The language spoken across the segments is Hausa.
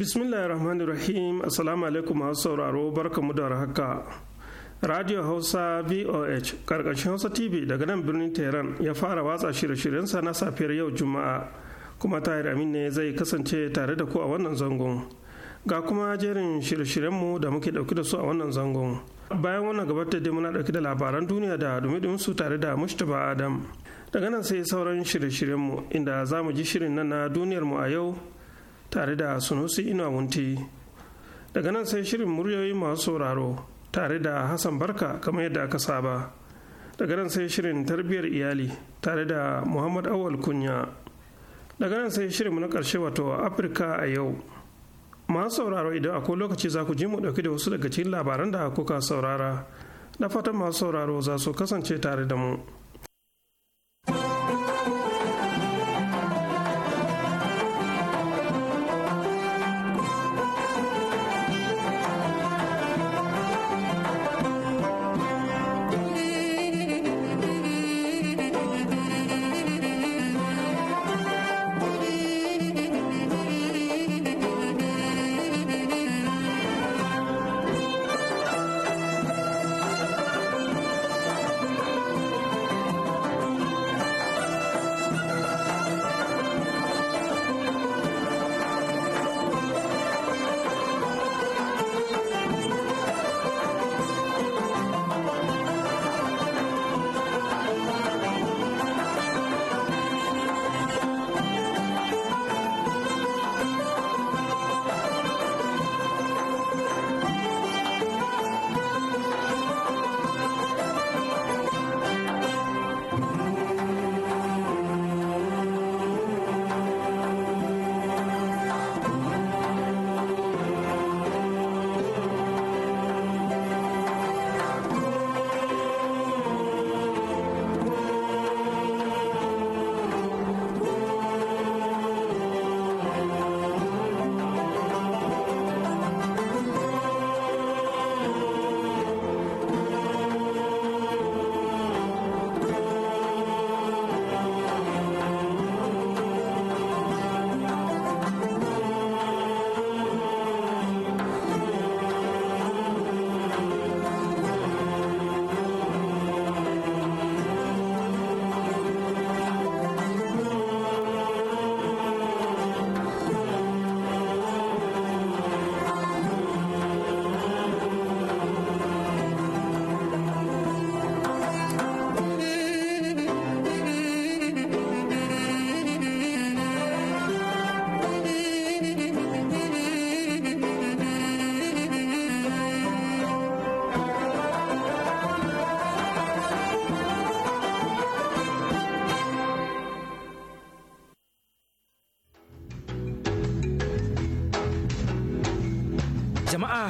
bismillahirrahmanirrahim assalamu alaikum masu sauraro barkamu da haka radio hausa voh karkashin hausa tv daga nan birnin tehran ya fara watsa shirye shiryen sa na safiyar yau juma'a kuma tahir amin ne zai kasance tare da ku a wannan zangon ga kuma jerin shirye-shiryenmu da muke dauki da su a wannan zangon bayan wannan gabata da muna dauki da labaran duniya da dumi su tare da mustapha adam daga nan sai sauran shirye-shiryenmu inda za mu ji shirin nan na duniyarmu a yau tare da sunusi ina wunti daga nan sai shirin muryoyi masu sauraro tare da hassan barka kamar yadda aka saba daga nan sai shirin tarbiyyar iyali tare da muhammad awal kunya daga nan sai shirin na karshe wato afirka a yau masu sauraro idan akwai lokaci za ku ji mu dauki da wasu daga cikin labaran da kuka saurara na fatan masu sauraro za su kasance tare da mu.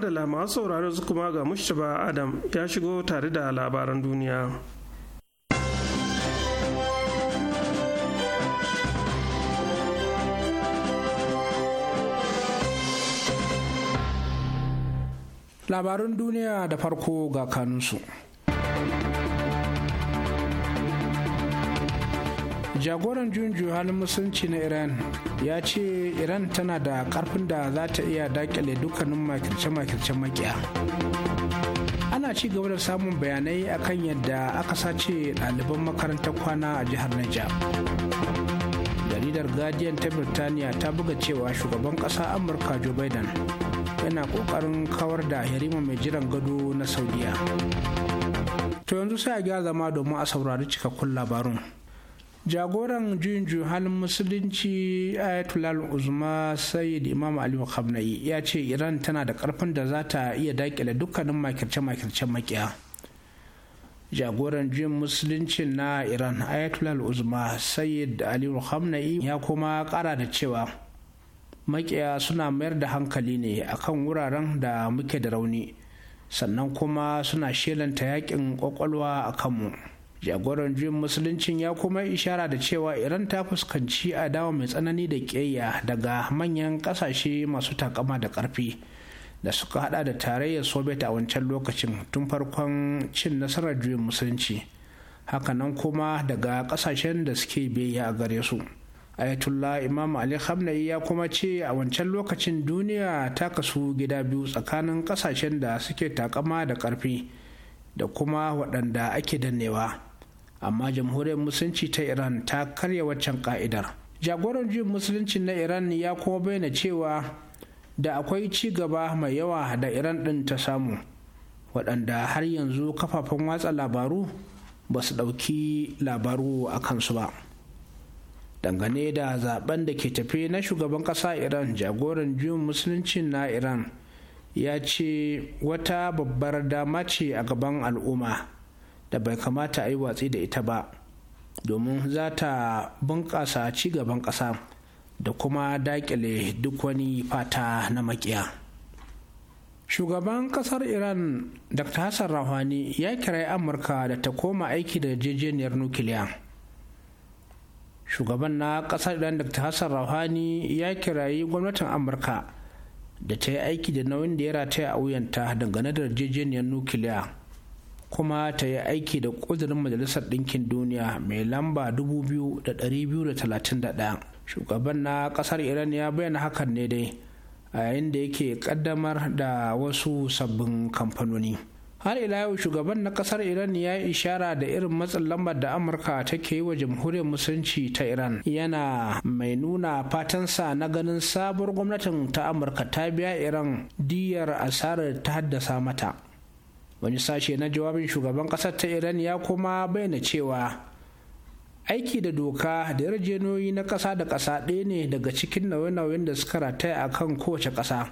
da masu sauraro su kuma ga mushtaba adam ya shigo tare da labaran duniya Labarin duniya da farko ga kanunsu. jagoran junju halin musulunci na iran ya ce iran tana da karfin da za ta iya dakile dukkanin makirce-makircen makiya ana ci gaba da samun bayanai akan yadda aka sace ɗaliban makarantar kwana a jihar niger jaridar guardian ta birtaniya ta buga cewa shugaban ƙasa amurka joe biden yana ƙoƙarin kawar da yarima mai jiran gado na saudiya to yanzu sai a gyara zama domin a saurari cikakkun labarun. jagoran juyin halin musulunci ayatollah uzma sayyid imam ali khamenei ya ce iran tana da karfin da za ta iya dakile dukkanin makirce-makircen makiya jagoran juyin musulunci na iran ayatollah uzma sayyid ali khamenei ya kuma kara da cewa makiya suna mayar da hankali ne akan wuraren da muke da rauni sannan kuma suna shelanta yakin kwakwalwa a kanmu. jagoran juyin musuluncin ya kuma ishara da cewa iran ta fuskanci adawa mai tsanani da ƙeya daga manyan ƙasashe masu takama da ƙarfi da suka hada da tarayyar soviet a wancan lokacin tun farkon cin nasarar juyin musulunci hakanan kuma daga ƙasashen da suke biyayya a gare su ayatollah imam ali khamenei ya kuma ce a wancan lokacin duniya ta kasu gida biyu tsakanin ƙasashen da suke takama da ƙarfi da kuma waɗanda ake dannewa. amma jamhuriyar musulunci ta iran ta karya waccan ka'idar jagoran juyin musulunci na iran ya kuma bayyana cewa da akwai ci gaba mai yawa da iran din ta samu waɗanda har yanzu kafafen watsa labaru ba su ɗauki labaru a kansu ba dangane da zaben da ke tafe na shugaban ƙasa iran jagoran juyin musulunci na iran ya ce wata babbar dama ce a gaban al'umma da bai kamata a yi watsi da ita ba domin za ta bunƙasa gaban ƙasa da kuma daƙile duk wani fata na makiya shugaban ƙasar iran dr hassan rahwani ya kirayi amurka da ta koma aiki da yarjejeniyar nukiliya shugaban na ƙasar iran dr hassan rahwani ya kirayi gwamnatin amurka da ta yi aiki da nauyin da ya rataya a wuyanta dangane da yarjejeniyar nukiliya kuma ta yi aiki da ƙudurin majalisar ɗinkin duniya mai lamba 2231 shugaban na ƙasar iran ya bayyana hakan ne dai a yayin da yake ƙaddamar da wasu sabbin kamfanoni har ila yau shugaban na ƙasar iran ya yi ishara da irin matsin lambar da amurka take yi wa jamhuriyar musulunci ta iran yana mai nuna fatansa na ganin sabuwar gwamnatin ta amurka ta biya iran diyar asarar ta haddasa mata wani sashe na jawabin shugaban kasar ta iran ya kuma bayyana cewa aiki da doka da yarjejeniyoyi na ƙasa da ƙasa ɗaya ne daga cikin nauye-nauyen da suka rataya a kan kowace ƙasa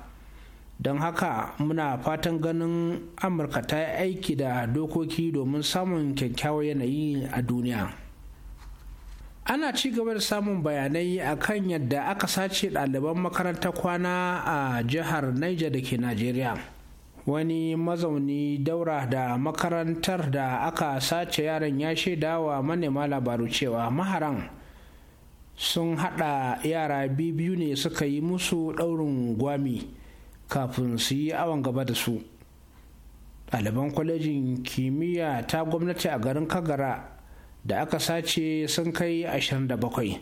don haka muna fatan ganin amurka ta yi aiki da dokoki domin samun kyakkyawar yanayi a duniya ana ci gaba da samun bayanai a kan yadda aka sace ɗaliban makarantar kwana a jihar niger da ke najeriya wani mazauni daura da makarantar da aka sace yaran ya shaida wa manema labaru cewa maharan sun hada yara biyu ne suka yi musu daurin gwami kafin su yi awon gaba da su ɗaliban kwalejin kimiyya ta gwamnati a garin kagara da aka sace sun kai 27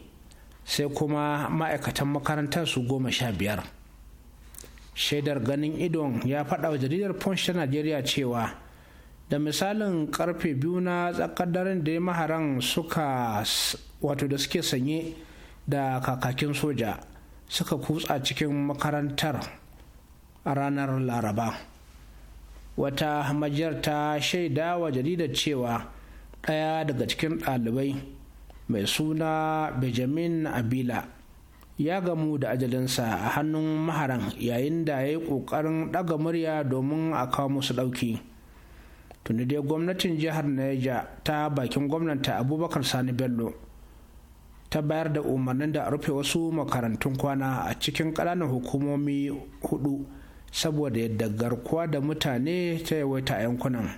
sai kuma ma'aikatan makarantar su goma sha biyar. shaidar ganin idon ya faɗa wa jaridar punch ta najeriya cewa da misalin karfe biyu na tsakar daren da maharan suka wato da suke sanye da kakakin soja suka kutsa cikin makarantar a ranar laraba wata majiyar ta shaida wa jaridar cewa ɗaya daga cikin ɗalibai mai suna benjamin abila ya gamu da ajalinsa a hannun maharan yayin da ya yi ƙoƙarin ɗaga murya domin a kawo musu ɗauki tuni dai gwamnatin jihar Neja ta bakin gwamnanta abubakar sani bello ta bayar da umarnin da a rufe wasu makarantun kwana a cikin ƙananan hukumomi hudu saboda yadda garkuwa da mutane ta yawaita a yankunan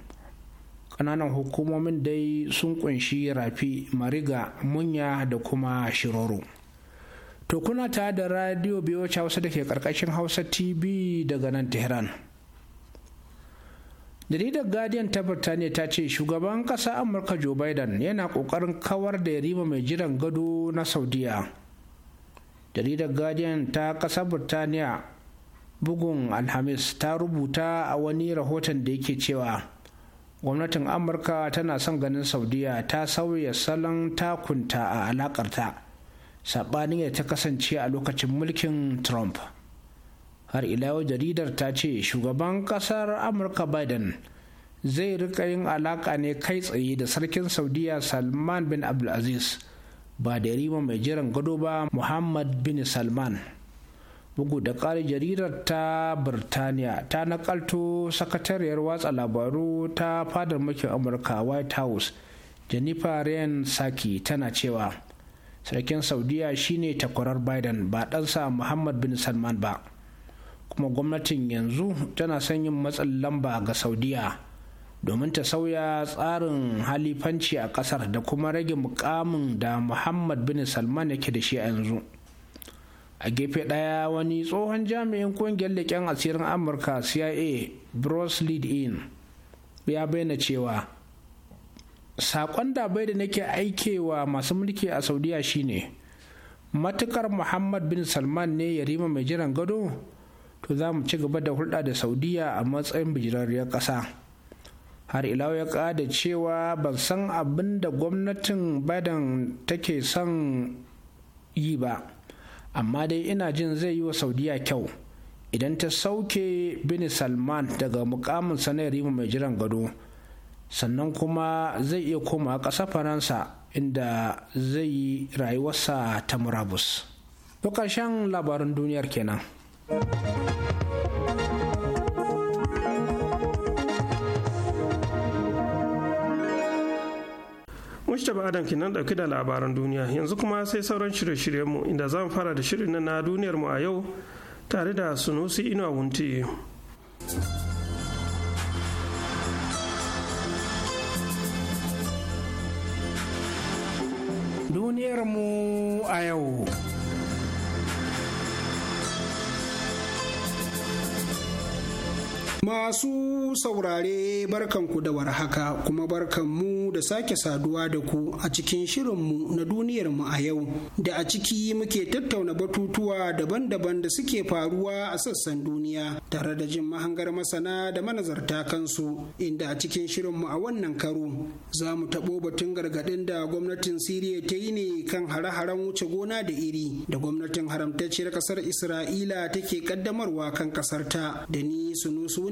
ƙananan hukumomin dai sun ƙunshi rafi mariga munya da kuma shiroro To kuna ta da radio biyoci Hausa da ke karkashin Hausa TV daga nan Tehran. Jaridar Guardian ta Birtaniya ta ce shugaban ƙasa Amurka Joe Biden yana ƙoƙarin kawar da yarima mai jiran gado na Saudiya. Jaridar Guardian ta ƙasar Birtaniya bugun Alhamis ta rubuta a wani rahoton da yake cewa gwamnatin Amurka tana son ganin Saudiya ta sauya salon takunta a alakarta. saɓanin ya ta kasance a lokacin mulkin trump har ila yau jaridar ta ce shugaban kasar amurka biden zai rika yin alaka ne kai tsaye da sarkin saudiya salman bin abdulaziz ba da rima mai jiran gado ba muhammad bin salman bugu da ƙari jaridar ta birtaniya ta nakalto sakatariyar watsa labaru ta fadar mulkin amurka white house jennifer ryan saki tana cewa sarkin saudiya shine takwarar biden ba ɗansa muhammad bin salman ba kuma gwamnatin yanzu tana son yin matsin lamba ga saudiya domin ta sauya tsarin halifanci a ƙasar da kuma rage mukamin da muhammad bin salman yake da shi a yanzu a gefe ɗaya wani tsohon jami'in ƙungiyar leƙen asirin amurka cia bros lead in ya bayyana cewa saƙon daba da nake aikewa masu mulki a saudiya shine matukar muhammad bin salman ne ya rima mai jiran gado to za mu ci gaba da hulɗa da saudiya a matsayin bijirarriyar ƙasa har ilawa ya ƙada cewa ban san abin da gwamnatin biden take son yi ba amma dai ina jin zai yi wa saudiya kyau idan ta sauke bin salman daga mukamin sanayar rima mai jiran gado sannan kuma zai iya koma ƙasa faransa inda zai yi rayuwarsa ta murabus to ƙarshen labarin duniyar kenan Mustapha Adam kenan dauke da labaran duniya yanzu kuma sai sauran shirye-shiryenmu inda za fara da shirin na duniyarmu a yau tare da Sunusi Inuwa Wunti. duniyarmu a yau. Masu saurare barkanku da warhaka kuma barkanmu da sake saduwa da ku a cikin shirinmu na duniyarmu a yau da a ciki muke tattauna batutuwa daban-daban da suke faruwa a sassan duniya tare da jin mahangar masana da manazarta kansu inda a cikin shirinmu a wannan karo za mu taɓo batun gargaɗin da gwamnatin Siriya ta yi ne kan hare-haren wuce gona da iri da gwamnatin haramtacciyar ƙasar Isra'ila take ƙaddamarwa kan ƙasarta da ni sunusu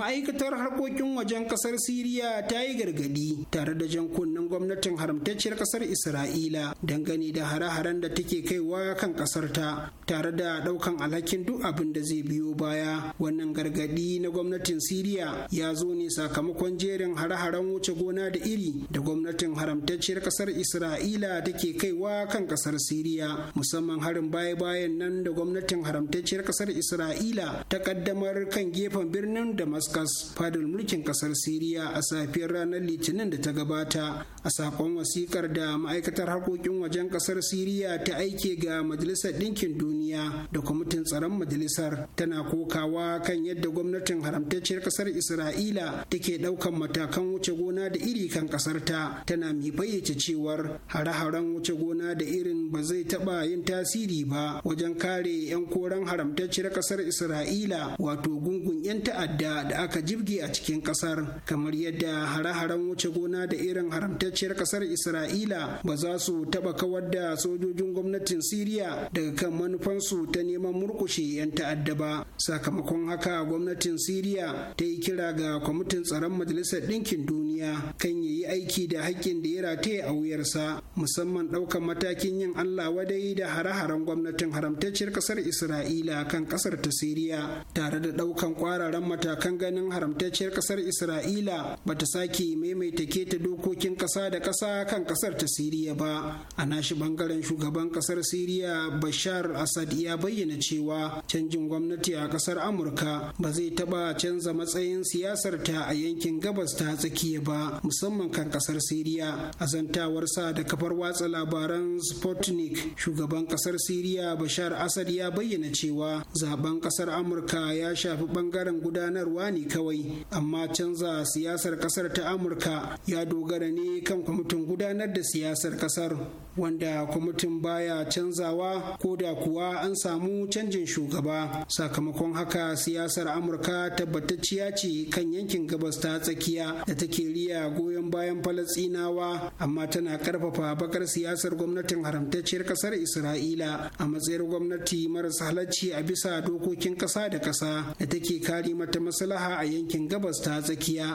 ma'aikatar harkokin wajen kasar siriya ta yi gargadi tare da jan kunnen gwamnatin haramtacciyar kasar isra'ila dangane da hare-haren da take kaiwa kan kasar ta tare da daukan alhakin duk abin da zai biyo baya wannan gargadi na gwamnatin siriya ya zo ne sakamakon jerin hare-haren wuce gona da iri da gwamnatin haramtacciyar kasar isra'ila take kaiwa kan kasar siriya musamman harin baya-bayan nan da gwamnatin haramtacciyar kasar isra'ila ta kaddamar kan gefen birnin damascus damascus fadar mulkin kasar siriya a safiyar ranar litinin da ta gabata a sakon wasikar da ma'aikatar harkokin wajen kasar siriya ta aike ga majalisar ɗinkin duniya da kwamitin tsaron majalisar tana kokawa kan yadda gwamnatin haramtacciyar kasar isra'ila take ɗaukan matakan wuce gona da iri kan kasar ta tana mai bayyace cewar hare-haren wuce gona da irin ba zai taɓa yin tasiri ba wajen kare 'yan koren haramtacciyar kasar isra'ila wato gungun 'yan ta'adda da aka jibge a cikin kasar kamar yadda hare-haren wuce gona da irin haramtacciyar kasar isra'ila ba za su taba kawar da sojojin gwamnatin siriya daga kan manufansu ta neman murkushe 'yan ta'adda ba sakamakon haka gwamnatin siriya ta yi kira ga kwamitin tsaron majalisar ɗinkin duniya kan ya yi aiki da haƙƙin da ya rataye a wuyarsa musamman ɗaukan matakin yin allah wadai da hare-haren gwamnatin haramtacciyar kasar isra'ila kan kasar ta siriya tare da ɗaukan ƙwararan matakan ganin haramtacciyar kasar isra'ila ba ta sake maimaita keta dokokin kasa da kasa kan kasar ta siriya ba a nashi bangaren shugaban kasar siriya bashar asad ya bayyana cewa canjin gwamnati a kasar amurka ba zai taba canza matsayin siyasar ta a yankin gabas ta tsakiya ba musamman kan kasar siriya a sa da kafar watsa labaran sputnik shugaban kasar siriya bashar assad ya bayyana cewa zaben kasar amurka ya shafi bangaren gudanarwa ne ne kawai amma canza siyasar kasar ta amurka ya dogara ne kan kwamitin gudanar da siyasar kasar wanda kwamitin baya canzawa ko da kuwa an samu canjin shugaba sakamakon haka siyasar amurka tabbatacciya ce kan yankin gabas ta tsakiya da take riya goyon bayan falasinawa amma tana karfafa bakar siyasar gwamnatin haramtacciyar kasar isra'ila a matsayin gwamnati maras halarci a bisa dokokin kasa da kasa da take kare mata maslaha a yankin gabas ta tsakiya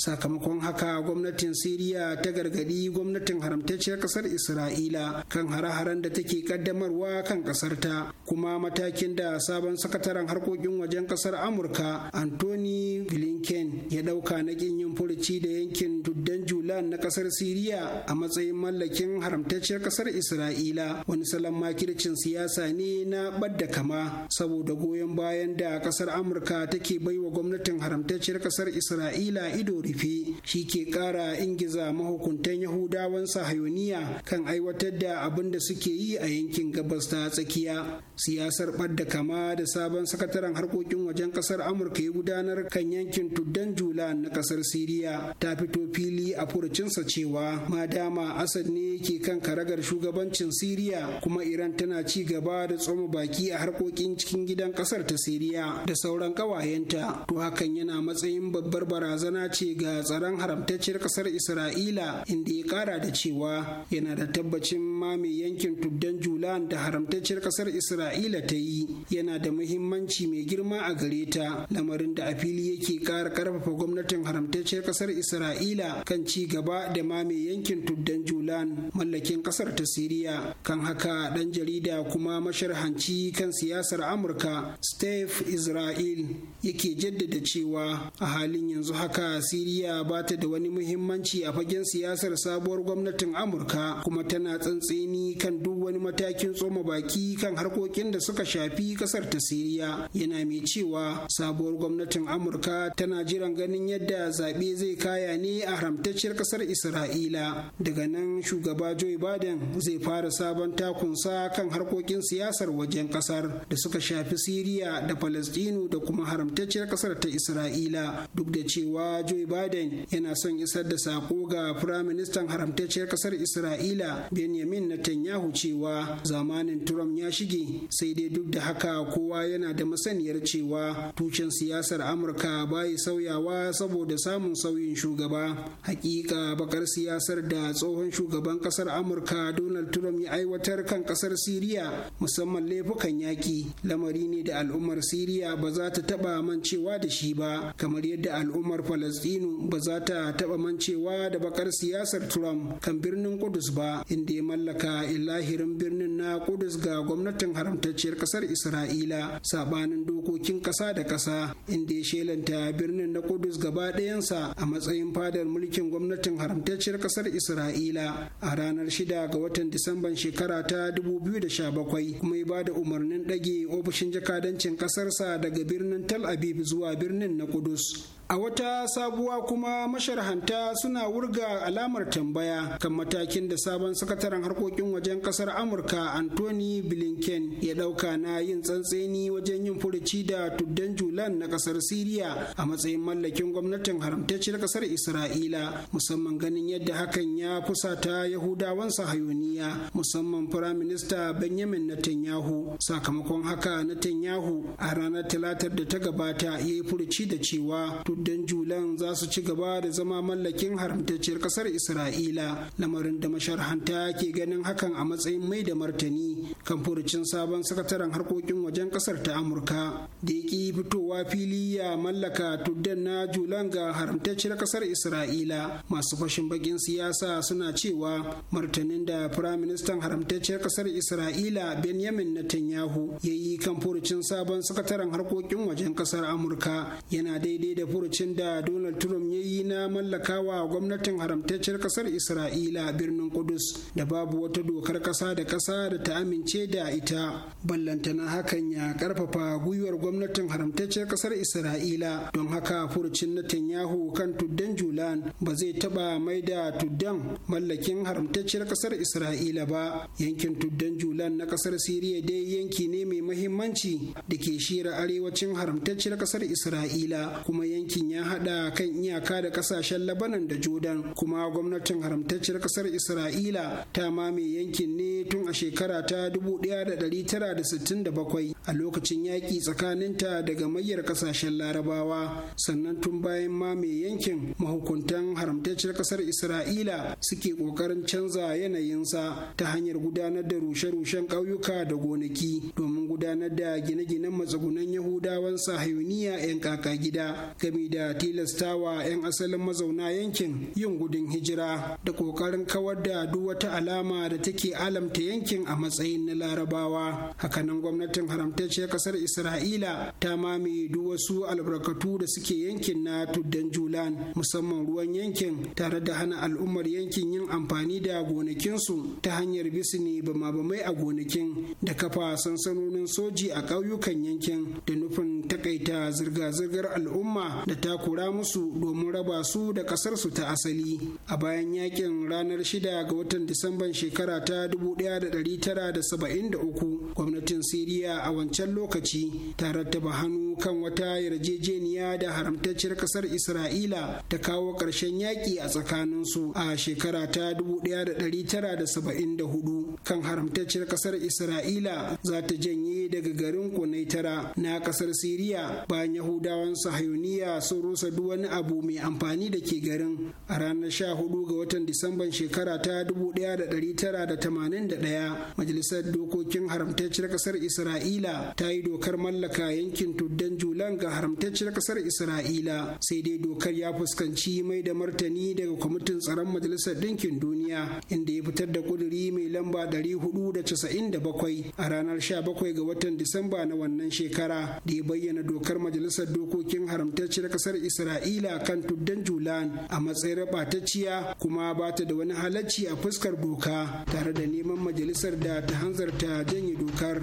sakamakon haka gwamnatin siriya ta gargadi gwamnatin haramtacciyar kasar isra'ila kan hare-haren da take kaddamarwa kan kasar ta kuma matakin da sabon sakataren harkokin wajen kasar amurka anthony blinken ya dauka na kin yin furuci da yankin tuddan julan na kasar siriya a matsayin mallakin haramtacciyar kasar isra'ila wani salon makircin siyasa ne na badda kama saboda goyon bayan da kasar amurka take baiwa gwamnatin haramtacciyar kasar isra'ila ido rufe shi ke ƙara ingiza mahukuntan yahudawan sahayoniya kan aiwatar da abin da suke yi a yankin gabas ta tsakiya siyasar ɓadda kama da sabon sakataren harkokin wajen kasar amurka ya gudanar kan yankin tuddan jula na kasar siriya ta fito fili a furcinsa cewa madama asad ne ke kan karagar shugabancin siriya kuma iran tana ci gaba da tsoma baki a harkokin cikin gidan kasar ta siriya da sauran kawayenta to hakan yana matsayin babbar barazana ce ga tsaron haramtacciyar kasar isra'ila inda ya kara da cewa yana da tabbacin mame yankin tuddan julan da haramtacciyar kasar isra'ila ta yi yana da muhimmanci mai girma a gare ta lamarin da a fili yake kara karfafa gwamnatin haramtacciyar kasar isra'ila kan ci gaba da mame yankin tuddan julan mallakin kasar ta siriya kan haka dan jarida kuma masharhanci kan siyasar amurka steve israel yake jaddada cewa a halin yanzu haka sai. siriya ba ta da wani muhimmanci a fagen siyasar sabuwar gwamnatin amurka kuma tana tsantseni kan duk wani matakin tsoma baki kan harkokin da suka shafi kasar ta siriya yana mai cewa sabuwar gwamnatin amurka tana jiran ganin yadda zaɓe zai kaya ne a haramtacciyar kasar isra'ila daga nan shugaba joe biden zai fara sabon takunsa kan harkokin siyasar wajen kasar da suka shafi siriya da falastinu da kuma haramtacciyar kasar ta isra'ila duk da cewa joe biden yana son isar da sako ga firaministan haramtacciyar kasar isra'ila benjamin netanyahu cewa zamanin trump ya shige sai dai duk da haka kowa yana da masaniyar cewa tushen siyasar amurka bai sauyawa saboda samun sauyin shugaba hakika bakar siyasar da tsohon shugaban kasar amurka donald trump ya aiwatar kan kasar siriya musamman laifukan yaƙi lamari ne da al'ummar siriya ba za ta taɓa mancewa da shi ba kamar yadda al'ummar falasɗin Falastinu ba za ta taɓa mancewa da bakar siyasar Trump kan birnin Kudus ba inda ya mallaka ilahirin birnin na Kudus ga gwamnatin haramtacciyar ƙasar Isra'ila sabanin dokokin ƙasa da ƙasa inda ya shelanta birnin na Kudus gaba ɗayansa a matsayin fadar mulkin gwamnatin haramtacciyar ƙasar Isra'ila a ranar shida ga watan Disamban shekara ta 2017 kuma ya ba da umarnin ɗage ofishin jakadancin ƙasarsa daga birnin Tel Aviv zuwa birnin na Kudus. A wata sabuwa kuma masharhanta suna wurga alamar tambaya kan matakin da sabon sakataren harkokin wajen kasar Amurka Anthony Blinken ya ɗauka na yin tsantseni wajen yin furuci da tuddan Julan na kasar Siriya a matsayin mallakin gwamnatin haramtacciyar kasar Isra'ila musamman ganin yadda hakan ya fusata Yahudawan sahayoniya musamman Firaminista Benjamin Netanyahu sakamakon haka Netanyahu a ranar talatar da ta gabata ya yi furuci da cewa don julan za su ci gaba da zama mallakin haramtacciyar kasar isra'ila lamarin da masharhanta ke ganin hakan a matsayin mai da martani kan furucin sabon sakataren harkokin wajen kasar ta amurka da ya fitowa fili ya mallaka tuddan na julan ga haramtacciyar kasar isra'ila masu fashin bakin siyasa suna cewa martanin da firaministan haramtacciyar kasar isra'ila benjamin netanyahu ya yi kan furucin sabon sakataren harkokin wajen kasar amurka yana daidai da furucin lokacin da donald trump ya yi na mallakawa gwamnatin haramtacciyar kasar isra'ila birnin kudus da babu wata dokar kasa da kasa da ta amince da ita ballantana hakan ya karfafa gwiwar gwamnatin haramtacciyar kasar isra'ila don haka furucin netanyahu kan tuddan julan ba zai taba mai da tuddan mallakin haramtacciyar kasar isra'ila ba yankin tuddan julan na kasar siriya dai yanki ne mai mahimmanci da ke shira arewacin haramtacciyar kasar isra'ila kuma yanki Aikin ya haɗa kan iyaka da ƙasashen Labanan da Jordan kuma gwamnatin haramtacciyar ƙasar Isra'ila ta mame yankin ne tun a shekara ta 1967 a lokacin yaƙi tsakaninta daga mayyar ƙasashen Larabawa sannan tun bayan mame yankin mahukuntan haramtacciyar ƙasar Isra'ila suke ƙoƙarin canza yanayinsa ta hanyar gudanar da rushe-rushen ƙauyuka da gonaki domin gudanar da gine-ginen matsugunan Yahudawan sahayuniya 'yan kaka gida game da tilastawa 'yan asalin mazauna yankin yin gudun hijira da ƙoƙarin kawar da duk wata alama da take alamta yankin a matsayin na larabawa hakanan gwamnatin haramtacciyar ƙasar isra'ila ta mame duk wasu albarkatu da suke yankin na tuddan julan musamman ruwan yankin tare da hana al'ummar yankin yin amfani da gonakinsu ta hanyar bisini bama-bamai a gonakin da kafa sansanonin soji a ƙauyukan yankin da nufin takaita zirga-zirgar al'umma da ta kura musu domin raba su da ƙasarsu ta asali a bayan yakin ranar 6 ga watan disamban shekara ta 1973 gwamnatin siriya a wancan lokaci ta rattaba hannu kan wata yarjejeniya da haramtacciyar ƙasar isra'ila ta kawo ƙarshen yaƙi a tsakaninsu a shekara ta 1974 kan haramtacciyar ƙasar isra'ila za ta janye daga garin tara. na ƙasar siriya bayan yahudawan sahayuniya haka sun rusa duk wani abu mai amfani da ke garin a ranar sha hudu ga watan disamban shekara ta da da tara tamanin 1981 majalisar dokokin haramtacciyar kasar isra'ila ta yi dokar mallaka yankin tuddan julan ga haramtacciyar kasar isra'ila sai dai dokar ya fuskanci mai da martani daga kwamitin tsaron majalisar ɗinkin duniya inda ya fitar da kuduri mai lamba da da casa'in bakwai. a ranar sha bakwai ga watan disamba na wannan shekara da ya bayyana dokar majalisar dokokin haramtacciyar kasar isra'ila kan tuddan julan a matsayin rabatacciya kuma ba ta da wani halacci a fuskar doka tare da neman majalisar da ta hanzarta janye dokar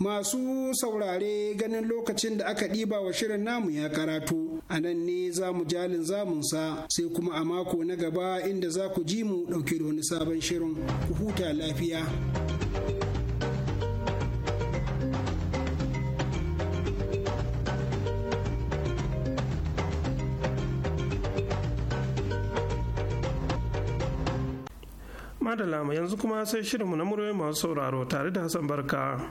masu saurare ganin lokacin da aka ɗiba wa shirin namu ya karatu a nan ne za mu jalin zamunsa sai kuma a mako na gaba inda za ku ji mu ɗauke da wani sabon shirin ku huta lafiya. Madalama yanzu kuma sai shirinmu na muryoyi masu sauraro tare da Hassan Barka.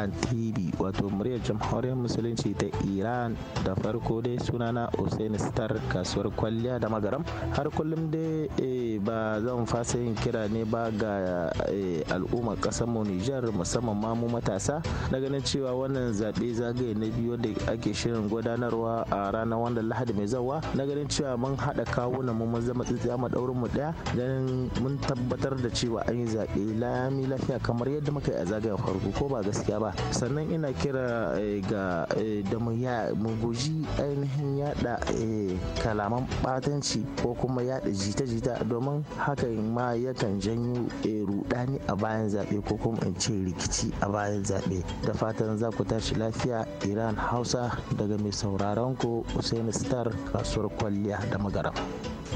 iran tv wato muryar jamhuriyar musulunci ta iran da farko dai sunana hussein star kasuwar kwalliya da magaram har kullum dai eh, ba zan fasa yin kira ne ba ga eh, al'ummar kasar mu nijar musamman ma mu matasa na ganin cewa wannan zaɓe zagaye na biyu da ake shirin gudanarwa a ranar wanda lahadi mai zawa na ganin cewa mun hada kawunan mu mun zama tsitsiya mu ɗaurin mu ɗaya dan mun tabbatar da cewa an yi zaɓe lami lafiya kamar yadda muka yi a zagayen farko ko ba gaskiya ba sannan ina kira eh, ga eh, da mu guji ainihin yaɗa eh, kalaman ɓatanci ko kuma yada jita-jita domin hakan ma yakan janyo rudani a bayan zaɓe ko kuma in ce rikici a bayan zaɓe da fatan za ku tashi lafiya iran hausa daga mai sauraron ku usaini star kasuwar kwalliya da magaraba.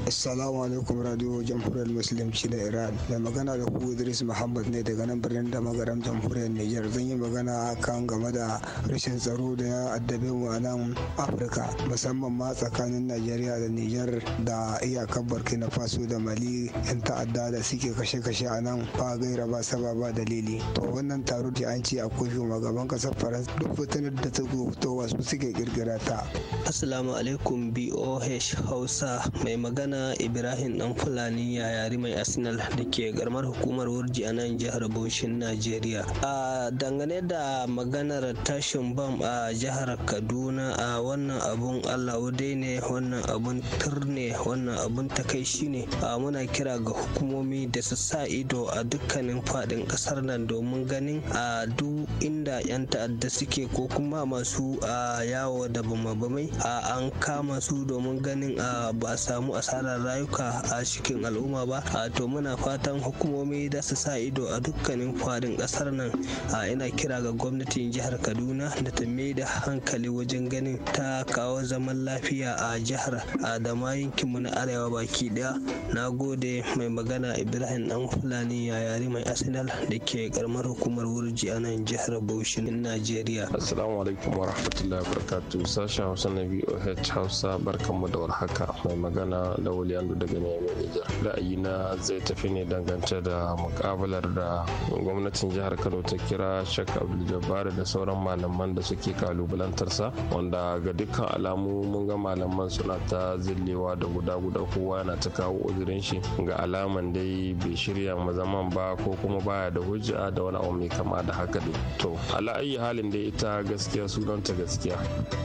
Assalamu alaikum radio jamhuriyar musulunci da Iran. Mai magana da ku Idris Muhammad ne daga nan birnin da magaram jamhuriyar Niger. Zan yi magana kan game da rashin tsaro da ya addabe mu a nan Afirka musamman ma tsakanin Najeriya da Niger da iyakar Burkina Faso da Mali yan ta'adda da suke kashe-kashe a nan ba gaira ba saba ba dalili. To wannan taro da an ce ma. Gaban kasar Faransa duk fitinar da ta fitowa su suke kirkira ta. Assalamu alaikum BOH Hausa mai magana magana Ibrahim Dan Fulani yayari mai Arsenal da ke garmar hukumar Wurji a nan jihar Bauchin Najeriya. A dangane da maganar tashin bam a jihar Kaduna a wannan abun Allah dai ne wannan abun turne wannan abun takaici ne a muna kira ga hukumomi da su sa ido a dukkanin fadin kasar nan domin ganin a duk inda 'yan ta'adda suke ko kuma masu a yawo da bama-bamai a an kama su domin ganin a ba samu asara asarar rayuka a cikin al'umma ba a to muna fatan hukumomi da su sa ido a dukkanin fadin kasar nan a ina kira ga gwamnatin jihar kaduna da ta mai da hankali wajen ganin ta kawo zaman lafiya a jihar da ma mu na arewa baki daya na gode mai magana ibrahim dan fulani yayari mai arsenal da ke karamar hukumar wurji a nan jihar bauchi najeriya assalamu alaikum wa rahmatullahi sashen hausa na boh hausa barkanmu da warhaka mai magana Da lawali yando daga Niamey Ra'ayi na zai tafi ne dangance da mukabalar da gwamnatin jihar Kano ta kira Sheikh Abdul da sauran malaman da suke kalubalantarsa wanda ga dukkan alamu mun ga malaman suna ta zillewa da guda guda kowa na ta kawo uzurin shi ga alaman dai bai shirya mazaman ba ko kuma baya da hujja da wani abu mai kama da haka dai. To, ala halin da ita gaskiya sunanta gaskiya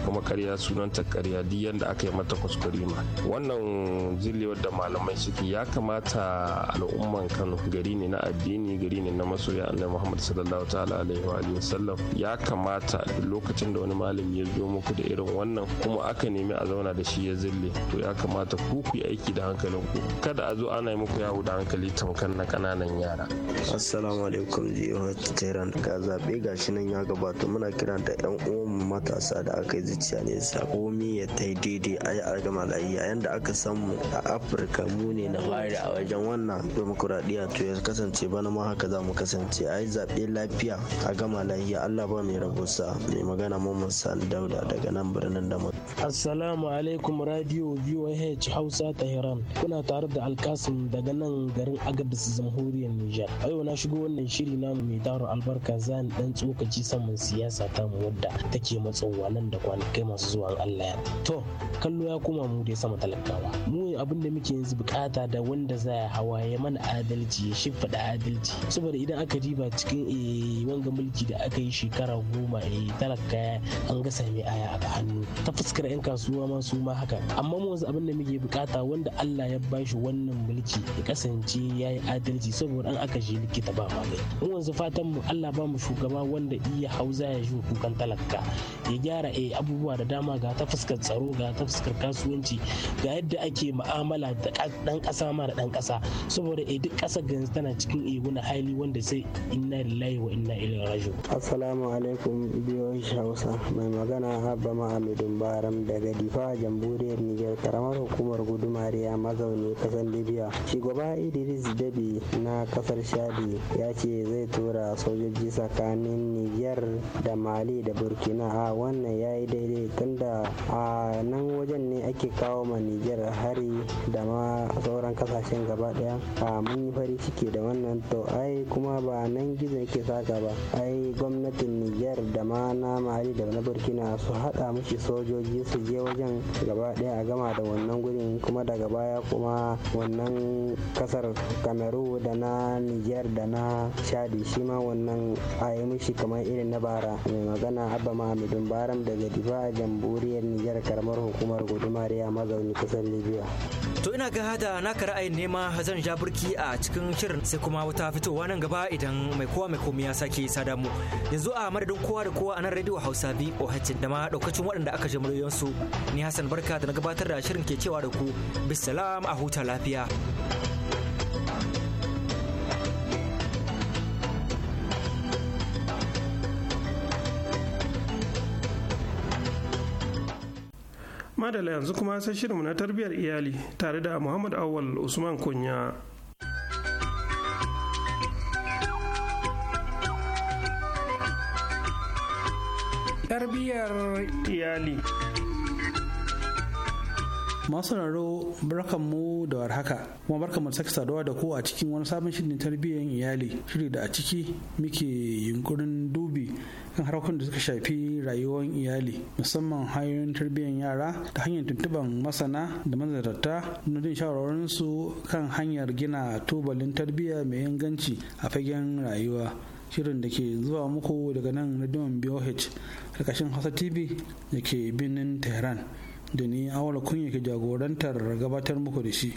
kuma karya sunanta karya duk yadda aka yi mata kuskure ma. Wannan zillewar da malamai suke ya kamata al'umman kano gari ne na addini gari ne na masoya annabi muhammad sallallahu ta'ala alaihi wa alihi wasallam ya kamata lokacin da wani malami ya zo muku da irin wannan kuma aka nemi a zauna da shi ya zille to ya kamata ku ku yi aiki da hankalin ku kada a zo ana yi muku yawo da hankali tamkar na kananan yara assalamu alaikum jihar tehran ka zaɓe gashi nan ya gabata muna kiranta yan uwan matasa da aka yi zuciya ne sa komi ya ta daidai a yi argama da yayin da aka samu a afirka mu ne na fari a wajen wannan demokuraɗiyya to ya kasance bana ma haka za mu kasance a yi zaɓe lafiya a gama lahiya allah ba mai rabusa mai magana mamman sani dauda daga nan birnin da assalamu alaikum radio voh hausa tehran kuna tare da alkasim daga nan garin agadis jamhuriyar nijar a yau na shigo wannan shiri namu mai daro albarka zan dan tsokaci saman siyasa ta mu wadda take matsowa nan da kwanakai masu zuwa allah ya to kallo ya koma mu dai sama talakawa mu mu abin da muke yanzu bukata da wanda za a hawa ya mana adalci ya shimfiɗa adalci saboda idan aka diba cikin eh, wanga mulki da aka yi shekara goma a eh, talaka an ga sami aya a hannu ta fuskar yan kasuwa ma su ma haka amma mu yanzu abin da muke bukata wanda Allah ya bashi wannan mulki ya kasance ya yi adalci saboda an aka je likita ba ma magani mu yanzu fatan mu Allah ba mu shugaba wanda iya hauza ya shi kukan talaka ya gyara eh, abubuwa da dama ga ta fuskar tsaro ga ta fuskar kasuwanci ga yadda ake mu'amala da dan kasa ma da dan kasa saboda a eh, duk kasar ga tana cikin eh, ihuna hali wanda sai inna lillahi wa inna ilaihi raji'un assalamu alaikum biyoyi hausa mai magana habba ma'amidun baram daga difa jamhuriyar niger karamar hukumar gudumariya mazauni kasar libya shugaba idris dabi na kasar shadi ya ce zai tura sojoji tsakanin niger da mali da burkina a wannan ya yi daidai tunda a nan wajen ne ake kawo ma niger har fari da ma sauran kasashen gaba daya a mun yi farin ciki da wannan to ai kuma ba nan gizo yake saka ba ai gwamnatin niger da ma na mali da na burkina su haɗa mushi sojoji su je wajen gaba daya a gama da wannan gurin kuma daga baya kuma wannan kasar kameru da na niger da na shadi shi ma wannan a yi mushi kamar irin na bara mai magana abba mahamudin baram daga difa jamhuriyar niger karamar hukumar gudumariya mazauni kasar libya To ina ga hada na naka ra'ayin nema zan ja burki a cikin shirin sai kuma wata fitowa nan gaba idan mai kowa mai komai ya sake sada mu. Yanzu a madadin kowa da kowa a nan radio Hausa bi VOH da ma daukacin waɗanda aka jamuriyon su. Ni Hassan Barka da na gabatar da shirin ke cewa da ku. Bisalam a huta lafiya. madala yanzu kuma sai shirinmu na tarbiyyar iyali tare da muhammad awal usman kunya tarbiyyar iyali masu raro barkan mu da warhaka kuma barkan mu sake saduwa da ku a cikin wani sabon shirin tarbiyyar iyali shiri da a ciki muke yunkurin dubi kan harkokin da suka shafi rayuwar iyali musamman hanyoyin tarbiyyar yara ta hanyar tuntuban masana da manzarta na jin shawarwarinsu kan hanyar gina tubalin tarbiyya mai inganci a fagen rayuwa shirin da ke zuwa muku daga nan radion BOH karkashin Hausa TV da ke birnin Tehran. da ni awal kunya ke jagorantar gabatar muku da shi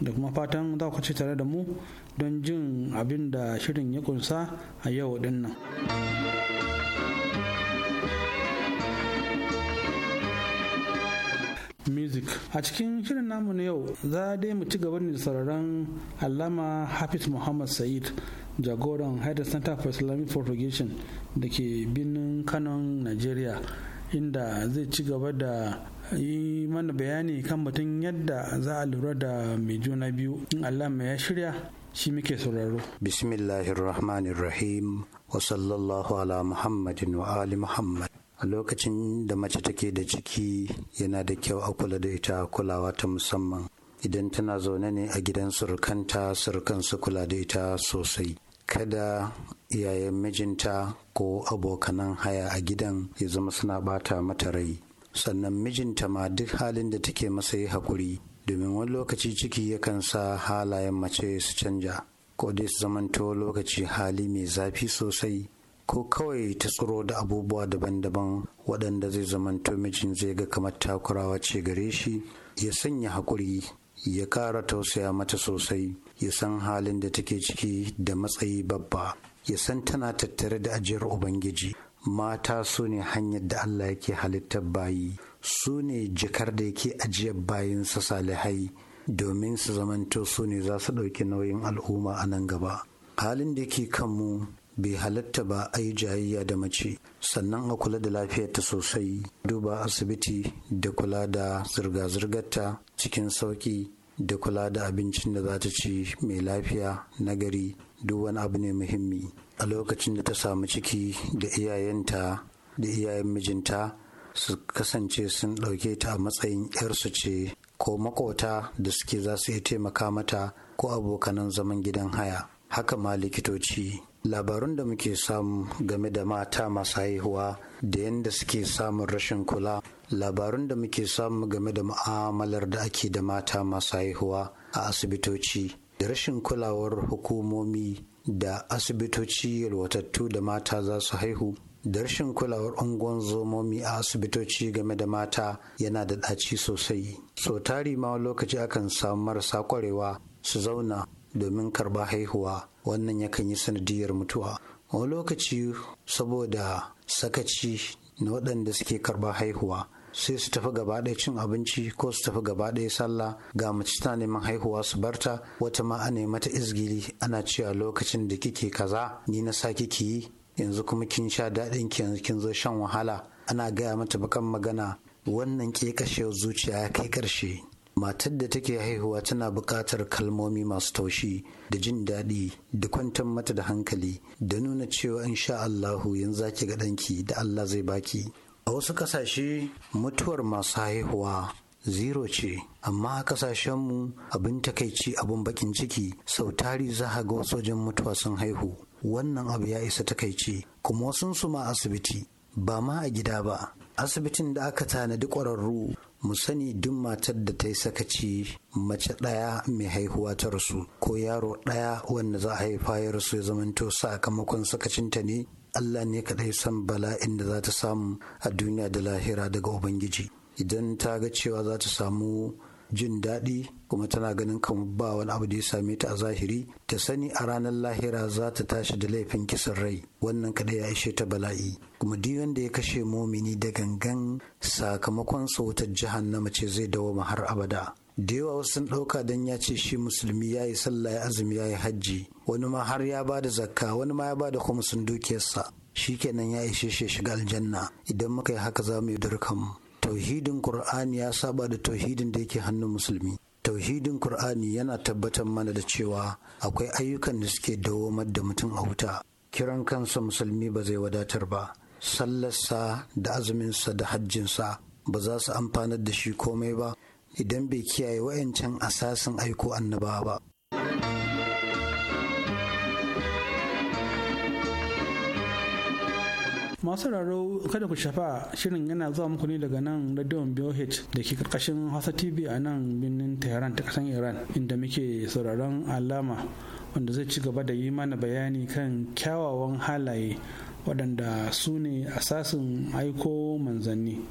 da kuma fatan za ku ci tare da mu don jin abin da shirin ya kunsa a yau din nan. music a cikin shirin namu na yau za dai mu ci gaba da sauraron alama hafiz muhammad sa'id jagoran haida center for islamic propagation da ke birnin kanon nigeria inda zai ci gaba da yi mana bayani kan mutum yadda za a lura da mai juna biyu in Allah mai ya shirya shi muke sauraro. Bismillahirrahmanirrahim wa sallallahu ala Muhammadin wa ali Muhammad. A lokacin da mace take da ciki yana da kyau a kula da ita kulawa ta musamman. Idan tana zaune ne a gidan surukanta surukan su kula da ita sosai. Kada iyayen mijinta ko abokanan haya a gidan ya zama suna bata mata rai. sannan mijinta ma duk halin da take masa yi haƙuri domin wani lokaci ciki yakan sa halayen mace su canja ko dai su zamanto lokaci hali mai zafi sosai ko kawai ta tsoro da abubuwa daban-daban waɗanda zai zamanto mijin zai ga kamar takurawa ce gare shi ya sanya hakuri ya kara tausaya mata sosai ya san halin da take ciki da matsayi babba ya san tana tattare da ajiyar ubangiji mata su ne hanyar da Allah yake halittar bayi su ne jikar da yake ajiyar sa salihai domin su zamanto su ne za su ɗauki nauyin al'umma a nan gaba halin da yake kanmu bai halatta ba a yi jayayya da mace sannan a kula da lafiyarta sosai duba asibiti da kula da zirga-zirgarta cikin sauki da kula da abincin da za ta ci mai lafiya nagari duk wani abu ne muhimmi a lokacin da ta samu ciki da iyayenta da iyayen mijinta su kasance sun ɗauke ta a matsayin 'yarsu ce ko makota da suke za su yi taimaka mata ko abokanan zaman gidan haya haka ma likitoci labarun da muke samu game da mata masu haihuwa da yadda suke samun rashin kula labarun da muke samu game da ma'amalar da ake da mata masu haihuwa a asibitoci da rashin kulawar hukumomi da asibitoci yalwatattu da mata za su haihu da rashin kulawar unguwan zomomi a asibitoci game da mata yana da ɗaci sosai so tari ma lokaci akan samu marasa kwarewa su zauna domin karba haihuwa wannan yakan yi sanadiyar mutuwa wani lokaci saboda sakaci na waɗanda suke karba haihuwa sai su tafi gaba ɗaya cin abinci ko su tafi gaba ɗaya sallah ga mace ta neman haihuwa su barta wata ma a nemi ta izgili ana cewa lokacin da kike kaza ni na sa kike yi yanzu kuma kin sha daɗin ki yanzu kin zo shan wahala ana gaya mata bakan magana wannan ke kashe zuciya ya kai ƙarshe matar da take haihuwa tana buƙatar kalmomi masu taushi da jin daɗi da kwantar mata da hankali da nuna cewa insha Allahu yanzu zaki ga ɗanki da Allah zai baki a wasu kasashe mutuwar masu haihuwa zero ce amma a kasashenmu abin takaici abin bakin ciki sau tari za a ga wasu wajen mutuwa sun haihu wannan abu ya isa takaici kuma wasun su ma asibiti ba ma a gida ba asibitin da aka tanadi ƙwararru mu sani duk matar da ta yi sakaci mace ɗaya mai haihuwa ta rasu ko yaro ɗaya wanda za a haifa ya rasu ya zamanto sakamakon sakacinta ne Allah ne kaɗai san bala'in da za ta samu a duniya da lahira daga Ubangiji. Idan ta ga cewa za ta samu jin daɗi kuma tana ganin kamar ba wani abu da ya same ta a zahiri ta sani a ranar lahira za ta tashi da laifin kisan rai wannan kaɗai ya ishe ta bala'i kuma duk wanda ya kashe momini da gangan sakamakon sautar jahannama ce zai dawo har abada da yawa wasu ɗauka don ya ce shi musulmi ya yi sallah ya azumi ya yi hajji wani ma har ya ba da zakka wani ma ya ba da sun dukiyarsa shi kenan ya ishe shi shiga aljanna idan muka yi haka za mu yi durkan tauhidin qur'ani ya saba da tauhidin da yake hannun musulmi tauhidin qur'ani yana tabbatar mana da cewa akwai ayyukan da suke dawomar da mutum a wuta kiran kansa musulmi ba zai wadatar ba sallarsa da azuminsa da hajjinsa ba za su amfanar da shi komai ba idan bai kiyaye wa'ancan asasin aiko annabawa ba. masu raro kada ku shafa shirin yana zuwa muku ne daga nan radion BOH da ke karkashin Hausa TV a nan birnin Tehran ta kasan Iran inda muke sauraron alama wanda zai ci gaba da yi mana bayani kan kyawawan halaye waɗanda su ne asasin aiko manzanni.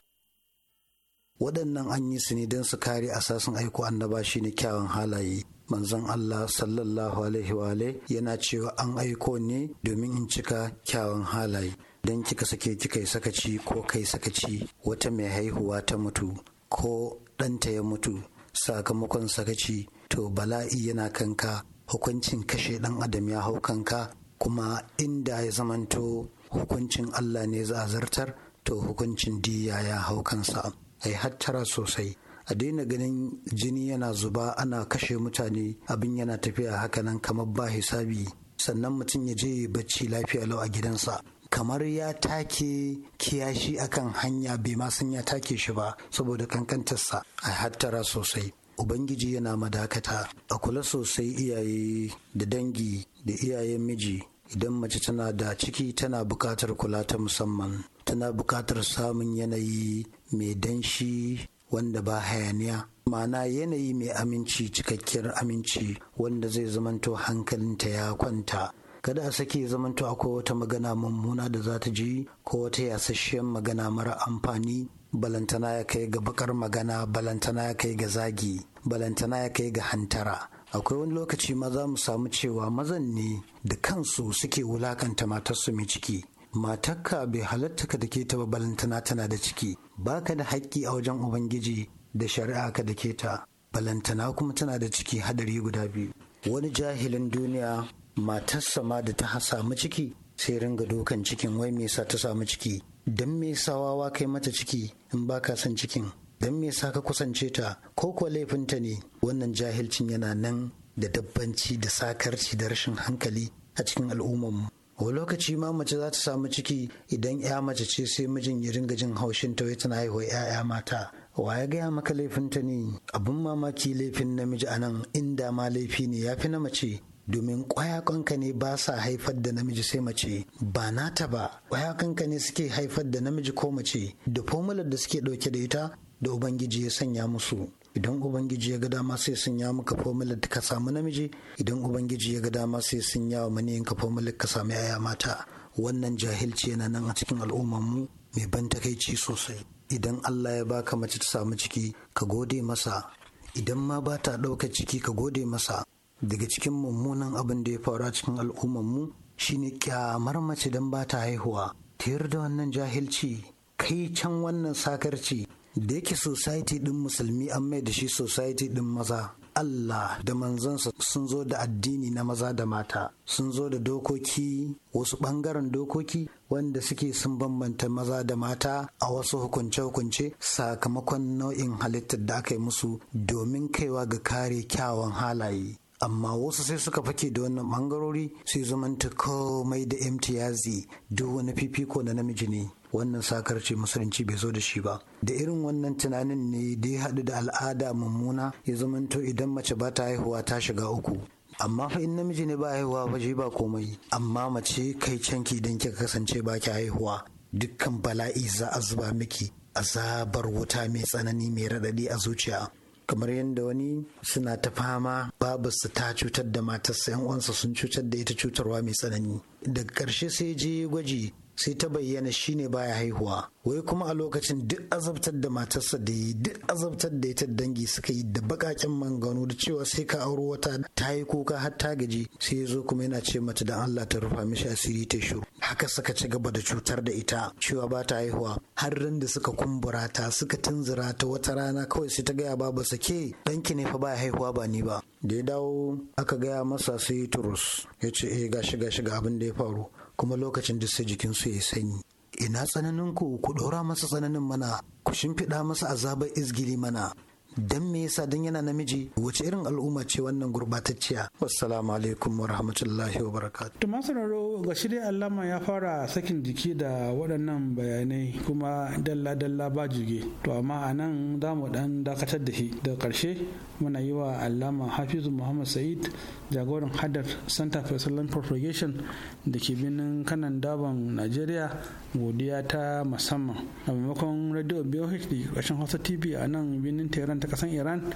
waɗannan an yi su ne don su kare asasin aiko annaba shi ne kyawun halaye manzon Allah sallallahu alaihi wa yana cewa an aiko ne domin in cika kyawun halaye don kika sake kika yi sakaci ko kai sakaci wata mai haihuwa ta mutu ko ɗanta ya mutu sakamakon sakaci to bala'i yana kanka hukuncin kashe ɗan adam ya hau kanka kuma inda ya zamanto hukuncin Allah ne za a zartar to hukuncin diya ya hau kansa a yi hattara sosai a daina ganin jini yana zuba ana kashe mutane abin yana tafiya hakanan kamar ba hisabi sannan mutum ya je bacci lafiya lau a gidansa kamar ya take kiyashi akan hanya bai ma san ya take shi ba saboda kankantarsa a hattara sosai ubangiji yana madakata a kula sosai iyaye da dangi da iyayen miji idan mace tana da ciki tana bukatar kula ta musamman tana bukatar samun yanayi mai danshi wanda ba hayaniya ma'ana yanayi mai aminci cikakkiyar aminci wanda zai zamanto hankalinta ya kwanta kada a sake zamanto akwai wata magana mummuna da za ta ji ko wata yasasshiyar magana mara amfani balantana ya kai ga bakar magana balantana ya kai ga zagi balantana ya kai ga hantara akwai wani lokaci ma za mu samu cewa mazan ne da kansu suke wulakanta matarsu mai ciki matakka bai halatta ka da ke ta balantana tana da ciki baka da haƙƙi a wajen ubangiji da shari'a ka da ke ta balantana kuma tana da ciki hadari guda biyu wani jahilin duniya matarsa ma da ta samu ciki sai ringa dokan cikin wai me sa ta samu ciki dan me sa wawa kai mata ciki in baka san cikin dan me sa ka kusance ta ko kuwa laifinta ne wannan jahilcin yana nan da dabbanci da sakarci da rashin hankali a cikin al'ummar mu wa lokaci ma mace za ta samu ciki idan ya mace ce sai mijin ya ringa jin haushin ta wai tana haihuwa ya'ya mata wa ya gaya maka laifinta ne abun mamaki laifin namiji anan inda ma laifi ne ya fi na mace domin ƙwayakonka ne ba sa haifar da namiji sai mace ba nata ba ƙwayakonka ne suke haifar da namiji ko mace da fomular da suke ɗauke da ita da ubangiji ya sanya musu idan ubangiji ya ga dama sai sun ya maka formula ka samu namiji idan ubangiji ya ga dama sai sun ya mani ka formula ka samu yaya mata wannan jahilci yana nan a cikin al'ummarmu mai ban takaici sosai idan Allah ya baka mace ta samu ciki ka gode masa idan ma ba ta ɗaukar ciki ka gode masa daga cikin mummunan abin da ya faru a cikin al'ummarmu shine kyamar mace dan ba ta haihuwa ta yarda wannan jahilci kai can wannan sakarci da yake society din musulmi an mai da shi society din maza Allah da manzansa sun zo da addini na maza da mata sun zo da dokoki wasu ɓangaren dokoki wanda suke sun bambanta maza da mata a wasu hukunce-hukunce sakamakon nau'in halittar da aka yi musu domin kaiwa ga kare kyawun halaye amma wasu sai suka fake da wannan ɓangarori sai zamanta komai da imtiyazi duk wani fifiko na namiji ne wannan sakarci musulunci bai zo da shi ba da irin wannan tunanin ne da ya haɗu da al'ada mummuna ya zamanto idan mace ba ta haihuwa ta shiga uku amma fa in namiji ne ba haihuwa ba shi ba komai amma mace kai canki idan kika kasance ba ki haihuwa dukkan bala'i za a zuba miki azabar wuta mai tsanani mai raɗaɗi a zuciya kamar yadda wani suna ta fama babarsa ta cutar da matarsa yan uwansa sun cutar da ita cutarwa mai tsanani daga ƙarshe sai je gwaji sai ta bayyana shi ne baya haihuwa wai kuma a lokacin duk azabtar da matarsa da yi duk azabtar da ita dangi suka yi da bakaken manganu da cewa sai ka auro wata ta yi kuka har ta gaji sai ya zo kuma yana ce mata da Allah ta rufa mishi asiri ta shiru haka suka ci gaba da cutar da ita cewa ba ta haihuwa har ran da suka kumbura ta suka tunzura ta wata rana kawai sai ta gaya ba sake danki ne fa baya haihuwa ba ni ba da ya dawo aka gaya masa sai turus ya ce eh gashi gashi ga abin da ya faru kuma lokacin da sai su ya sanyi ina tsananin ku ku ɗora masa tsananin mana ku shimfiɗa masa azabar izgili mana dan me yasa dan yana namiji wace irin al'umma ce wannan gurbatacciya assalamu alaikum wa rahmatullahi wa barakatuh to masararo ga shi dai allama ya fara sakin jiki da waɗannan bayanai kuma dalla dalla ba jige to amma a nan za mu dan dakatar da shi Daga ƙarshe muna yi wa allama hafizu muhammad sa'id jagoran hadar center for islam propagation da ke Binin kanan daban najeriya godiya ta musamman a maimakon radio boh da ƙarshen hausa tv a nan birnin tehran ta ƙasar iran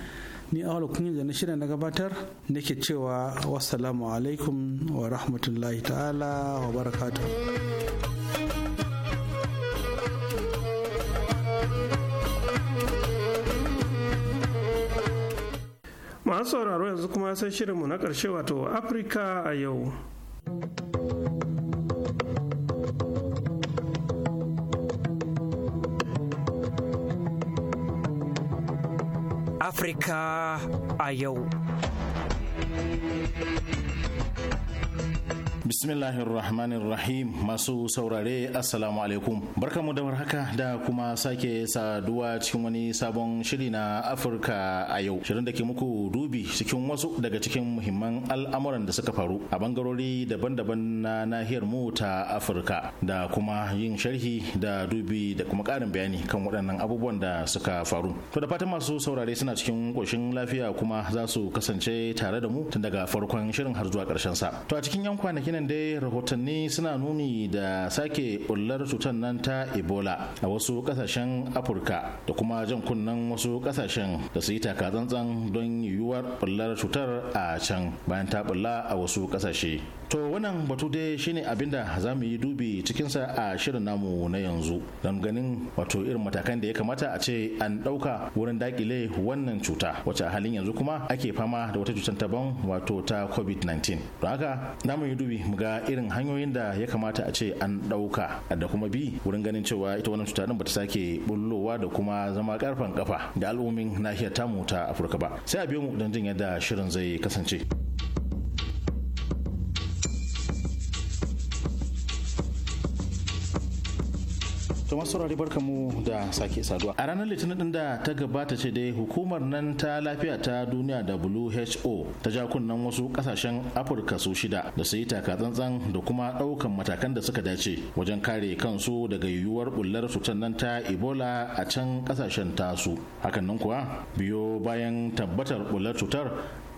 ni a kunya da na shirya na gabatar ke cewa wassalamu alaikum wa rahmatullahi ta'ala wa barakatu. masu sauraro yanzu kuma sai shirinmu na karshe wato afirka a yau Afrika a yau. Bismillahirrahmanirrahim masu saurare Assalamu alaikum. Barkamu da warhaka da kuma sake saduwa cikin wani sabon shiri na Afirka a yau. Shirin da ke muku dubi cikin wasu daga cikin muhimman al'amuran da suka faru a bangarori daban-daban na nahiyar mu ta Afirka da kuma yin sharhi da dubi da kuma ƙarin bayani kan waɗannan abubuwan da suka faru. To da fatan masu saurare suna cikin ƙoshin lafiya kuma za su kasance tare da mu tun daga farkon shirin har zuwa ƙarshen sa. To a cikin yan kwanaki nan dai rahotanni suna nuni da sake bullar cutar nan ta ebola a wasu kasashen afirka da kuma jan kunnen wasu kasashen da su yi takatsantsan don yiwuwar bullar cutar a can bayan ta bulla a wasu kasashe to wannan batu dai shine abinda za mu yi dubi cikinsa a shirin namu na yanzu don ganin wato irin matakan da ya kamata a ce an ɗauka wurin dakile wannan cuta wacce a halin yanzu kuma ake fama da wata cutar taban wato ta covid-19 don haka za mu yi dubi mu ga irin hanyoyin da ya kamata a ce an ɗauka da kuma bi wurin ganin cewa ita wannan cuta din bata sake bullowa da kuma zama karfan kafa da al'ummin nahiyar tamu ta afirka ba sai a biyo mu don jin yadda shirin zai kasance. To masu saurari barka mu da sake saduwa. A ranar Litinin din da ta gabata ce dai hukumar nan ta lafiya ta duniya WHO ta ja kunnan wasu kasashen Afirka su shida da su yi takatsantsan da kuma ɗaukan matakan da suka dace wajen kare kansu daga yiwuwar bullar cutar nan ta Ebola a can kasashen tasu. Hakan nan kuwa biyo bayan tabbatar bullar cutar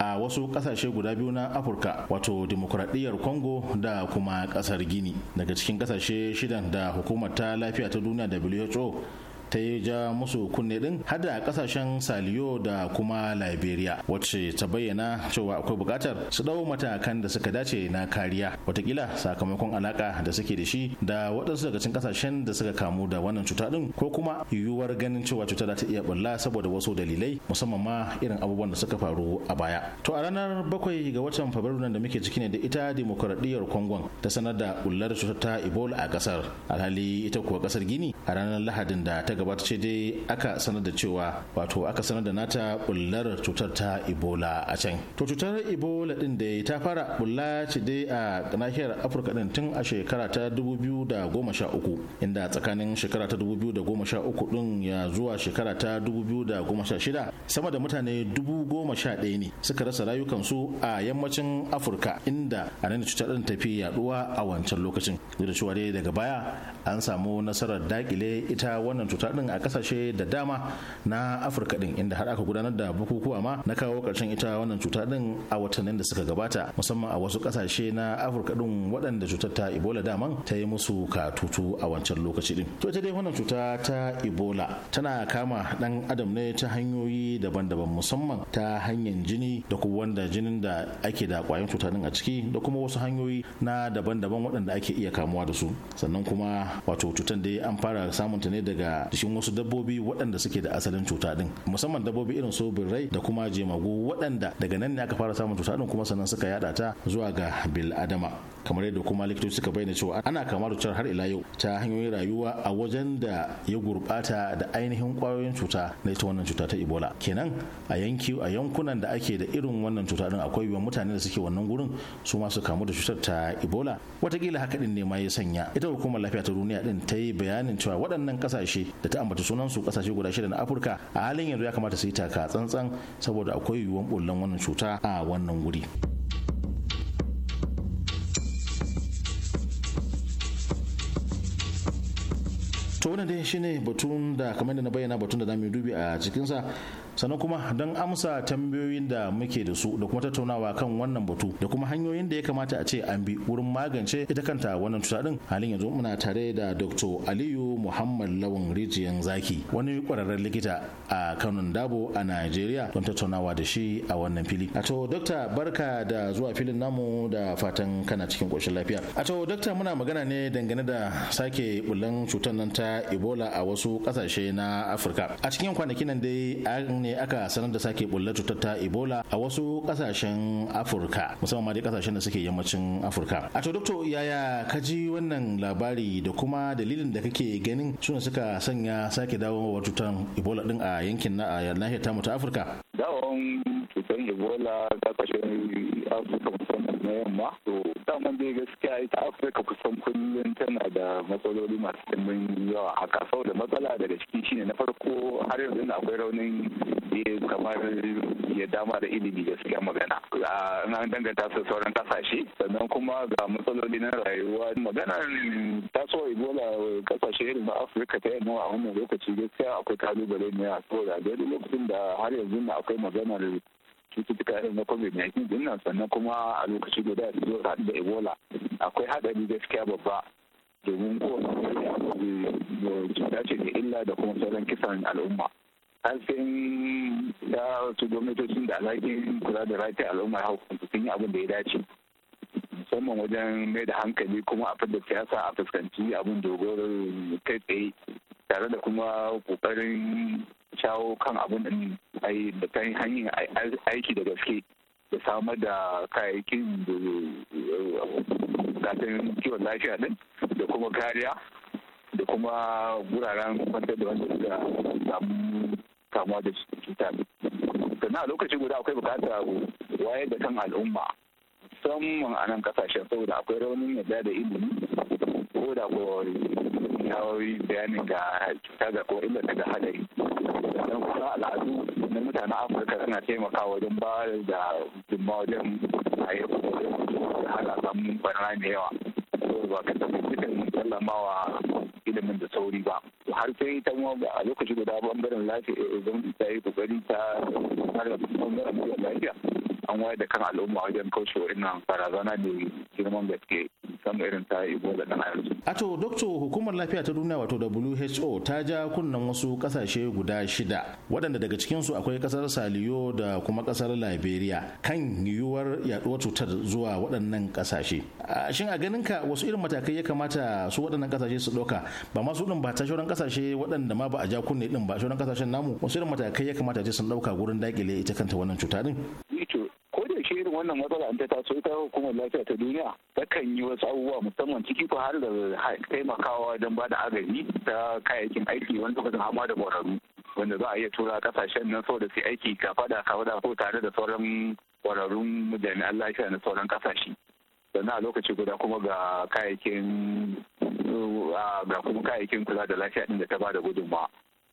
a wasu kasashe guda biyu na afirka wato demokuraɗiyyar congo da kuma kasar gini daga cikin kasashe shidan da hukumar ta lafiya ta duniya who ta yi ja musu kunne din har da kasashen saliyo da kuma liberia wacce ta bayyana cewa akwai bukatar su dau matakan da suka dace na kariya watakila sakamakon alaka da suke da shi da waɗansu daga cikin kasashen da suka kamu da wannan cuta din ko kuma yiwuwar ganin cewa cuta za ta iya bulla saboda wasu dalilai musamman ma irin abubuwan da suka faru a baya to a ranar bakwai ga watan fabrairu nan da muke ciki ne da ita demokradiyyar kongon ta sanar da bullar cutar ta ebola a kasar alhali ita kuwa kasar gini a ranar lahadin da ta gabata ce dai aka sanar da cewa wato aka sanar da nata bullar cutar ta ebola a can to cutar ebola din da ta fara bulla ce dai a nahiyar afirka din tun a shekara ta 2013 inda tsakanin shekara ta 2013 din ya zuwa shekara ta 2016 sama da mutane 11,000 ne suka rasa rayukansu a yammacin afirka inda a nan cutar din tafi yaduwa a wancan lokacin duk da cewa dai daga baya an samu nasarar dakile ita wannan cutar. haɗin a kasashe da dama na afirka din inda har aka gudanar da bukukuwa ma na kawo karshen ita wannan cuta din a watannin da suka gabata musamman a wasu kasashe na afirka din waɗanda cutar ta ebola daman ta yi musu katutu a wancan lokaci din to ita dai wannan cuta ta ebola tana kama ɗan adam ne ta hanyoyi daban-daban musamman ta hanyar jini da kuma wanda jinin da ake da kwayan cuta din a ciki da kuma wasu hanyoyi na daban-daban waɗanda ake iya kamuwa da su sannan kuma wato cutar dai an fara samunta ne daga jikin wasu dabbobi waɗanda suke da asalin cuta din musamman dabbobi irin su birrai da kuma jemagu waɗanda daga nan ne aka fara samun cuta din kuma sannan suka yada ta zuwa ga bil adama kamar yadda kuma likitoci suka bayyana cewa ana kama da har ila yau ta hanyoyin rayuwa a wajen da ya gurbata da ainihin kwayoyin cuta na ita wannan cuta ta ebola kenan a yanki a yankunan da ake da irin wannan cuta din akwai yiwuwar mutane da suke wannan gurin su ma su kamu da cutar ta ebola watakila haka din ne ma ya sanya ita hukumar lafiya ta duniya din ta yi bayanin cewa waɗannan ƙasashe da ta ambata sunan su kasashe guda shida na afirka a halin yanzu ya kamata su yi taka tsantsan saboda akwai yiwuwan bullan wannan cuta a wannan wuri. to wannan dai shine batun da kamar da na bayyana batun da zamu dubi a cikinsa sannan kuma don amsa tambayoyin da muke da su da kuma tattaunawa kan wannan batu da kuma hanyoyin da ya kamata a ce an bi wurin magance ita kanta wannan cuta din halin yanzu muna tare da dr aliyu muhammad lawan rijiyan zaki wani kwararren likita a kanun dabo a najeriya don tattaunawa da shi a wannan fili a to dokta barka da zuwa filin namu da fatan kana cikin ƙoshin lafiya a to dokta muna magana ne dangane da sake bullan cutar nan ta ebola a wasu kasashe na afirka a cikin kwanakin nan dai an ne ne aka sanar da sake bulla cutar ta ebola a wasu kasashen afirka musamman ma dai kasashen da suke yammacin afirka a to doktor yaya ka ji wannan labari da kuma dalilin da kake ganin suna suka sanya sake dawowa cutar ebola din a yankin na nahiyar tamu ta afirka dawon cutar ebola kasashen afirka musamman na yamma to daman dai gaskiya ita afirka kusan kullum tana da matsaloli masu dimbin yawa haka saboda da matsala daga ciki shine na farko har yanzu akwai raunin ya kamar ya dama da ilimi gaskiya magana na danganta su sauran kasashe sannan kuma ga matsaloli na rayuwa magana taso ebola kasashe irin na afirka ta yamma a wannan lokaci gaskiya akwai kalubale ne a saboda daidai lokacin da har yanzu na akwai maganar cututtuka irin na covid-19 dinnan sannan kuma a lokaci guda da da ebola akwai haɗari gaskiya babba domin kowane cuta ce da illa da kuma sauran kisan al'umma hasken ya wasu gwamnatocin da alhakin kula da rafiyar al'ummar hukunta sun yi abin da ya dace musamman wajen mai da hankali kuma a fadda siyasa a fuskanci abin dogoro kai tsaye tare da kuma kokarin shawo kan abin da ta hanyar aiki da gaske da samar da kayayyakin gasar kiwon lafiya din da kuma kariya da kuma wuraren kwantar da wanda suka samu kamuwa da cuta sannan a lokaci guda akwai bukatar wayar da kan al'umma musamman a nan kasashen saboda akwai raunin yadda da ilimi ko da ko yawai bayanin ga cuta ga ko illa daga hadari sannan kuma al'adu na mutanen afirka suna taimakawa wajen bayar da jimma wajen a yi hana samun banana mai yawa saboda ba ka tafi sukan sallamawa ilimin da sauri ba har sai ta a lokaci guda bangaren lafiya eh, eh, idan ta yi kokari ta har bangaren lafiya an waye da kan al'umma wajen kaucewa ina barazana ne girman gaske musamman irin ta ebola da hali. a to dokto hukumar lafiya ta duniya wato who ta ja kunnan wasu kasashe guda shida waɗanda daga cikinsu akwai kasar saliyo da kuma kasar liberia kan yiwuwar yaduwar cutar zuwa waɗannan kasashe shin a ganin ka wasu irin matakai ya kamata su waɗannan kasashe su ɗauka ba ma su ɗin ba ta shauran kasashe waɗanda ma ba a ja kunne ɗin ba shauran kasashen namu wasu irin matakai ya kamata ce sun ɗauka gurin daƙile ita kanta wannan cuta ɗin. wannan matsala an ta taso ita hukumar lafiya ta duniya takan yi wasu abubuwa musamman ciki ko har da taimakawa don ba da agaji ta kayayyakin aiki wani lokacin hama da ƙwararru wanda za a iya tura kasashen nan saboda su aiki kafa da kafa da ko tare da sauran ƙwararrun jami'an lafiya na sauran kasashe da a lokaci guda kuma ga kayayyakin ga kuma kayayyakin kula da lafiya din da ta bada gudunmawa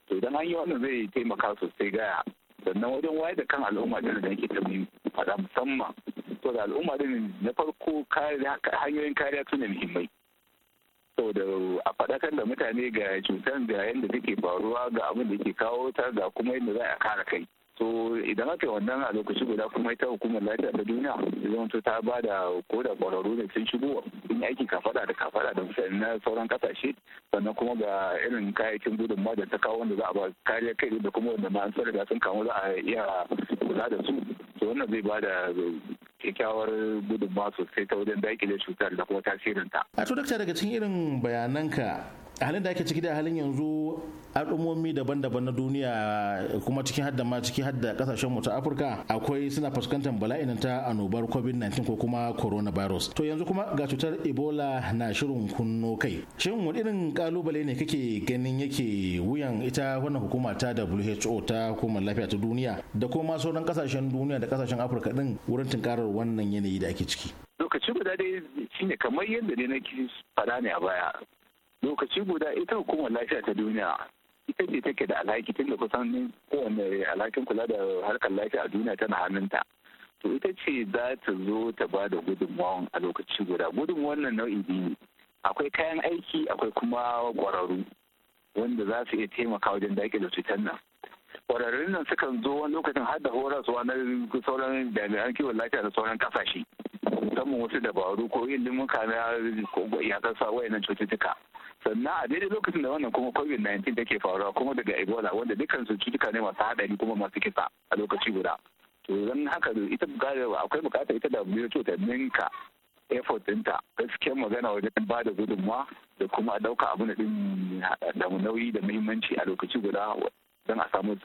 to idan an yi wannan zai taimaka sosai gaya sannan wajen wayar da kan al'umma da da yake ta faɗa musamman to da al'umma din na farko hanyoyin kariya su ne muhimmai saboda a faɗakar da mutane ga cutar da yadda take faruwa ga abin da ke kawo ta ga kuma yadda za a kare kai to idan aka yi wannan a lokaci guda kuma ita hukumar lafiya ta duniya zama ta ba da ko da kwararru ne sun shigo in aiki kafada da kafada da mutane na sauran kasashe sannan kuma ga irin kayayyakin ma da ta kawo wanda za a ba kariya kai da kuma wanda ma an sun sun kamu za a iya kula da su to wannan zai ba da kyakkyawar gudunmawa sosai ta wajen daƙile cutar da kuma tasirinta. a to daga cikin irin bayananka halin da ake ciki da halin yanzu al'ummomi daban-daban na duniya kuma cikin hadda ma ciki hadda kasashen mu ta afirka akwai suna fuskantar bala'in ta annobar covid-19 ko kuma Corona coronavirus to yanzu kuma ga cutar ebola na shirin kunno kai shin wani irin kalubale ne kake ganin yake wuyan ita wannan hukuma ta who ta hukumar lafiya ta duniya da kuma sauran kasashen duniya da kasashen afirka din wurin tunkarar wannan yanayi da ake ciki lokacin da dai shine kamar yadda ne na faɗa ne a baya lokaci guda ita hukumar lafiya ta duniya ita ce take da alhaki tun da kusan kowane alhakin kula da harkar lafiya a duniya tana hannunta to ita ce za ta zo ta ba da gudunmawan a lokaci guda gudunmawan nan nau'i biyu akwai kayan aiki akwai kuma ƙwararru wanda za su iya taimaka wajen daƙi da cutar nan ƙwararrun nan sukan zo wani lokacin har da horaswa na sauran jami'an kiwon lafiya da sauran kasashe musamman wasu dabaru ko ilimin kana yakan sa wayannan cututtuka sannan a daidai lokacin da wannan kuma covid-19 take faruwa kuma daga ebola wanda dukkan su cutuka ne masu haɗari kuma masu kisa a lokaci guda to don haka ita akwai bukatar ita da who ta ninka effort ɗinta gaskiyar magana wajen ba da gudunmawa da kuma ɗauka abu na ɗin da nauyi da muhimmanci a lokaci guda don a samu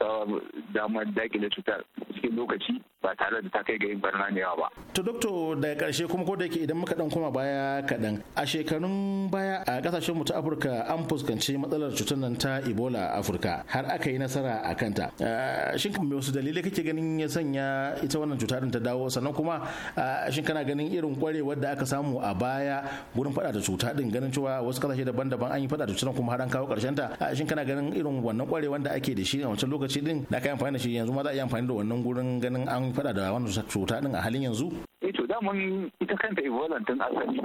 damar dakile cutar cikin lokaci ba tare da ta kai ga yin barna da ba. To dokto daga karshe kuma ko da yake idan muka dan koma baya kadan a shekarun baya a kasashen mu ta Afirka an fuskanci matsalar cutar nan ta Ebola a Afirka har aka yi nasara a kanta. Ah, shin me wasu dalilai kake ganin ya sanya ita wannan cuta din ta dawo sannan kuma ah, shin kana ganin irin kwarewar da aka samu a baya gurin faɗa da cuta din ganin cewa wasu kasashe daban-daban an yi faɗa da cutar kuma har an kawo ƙarshen ta ah, shin kana ganin irin wannan kwarewar da ake da shi shi a wancan lokaci din da aka yi amfani da shi yanzu ma za a yi amfani da wannan gurin ganin an fada da wannan cuta din a halin yanzu E, to da mun ita kanta ebola tun asali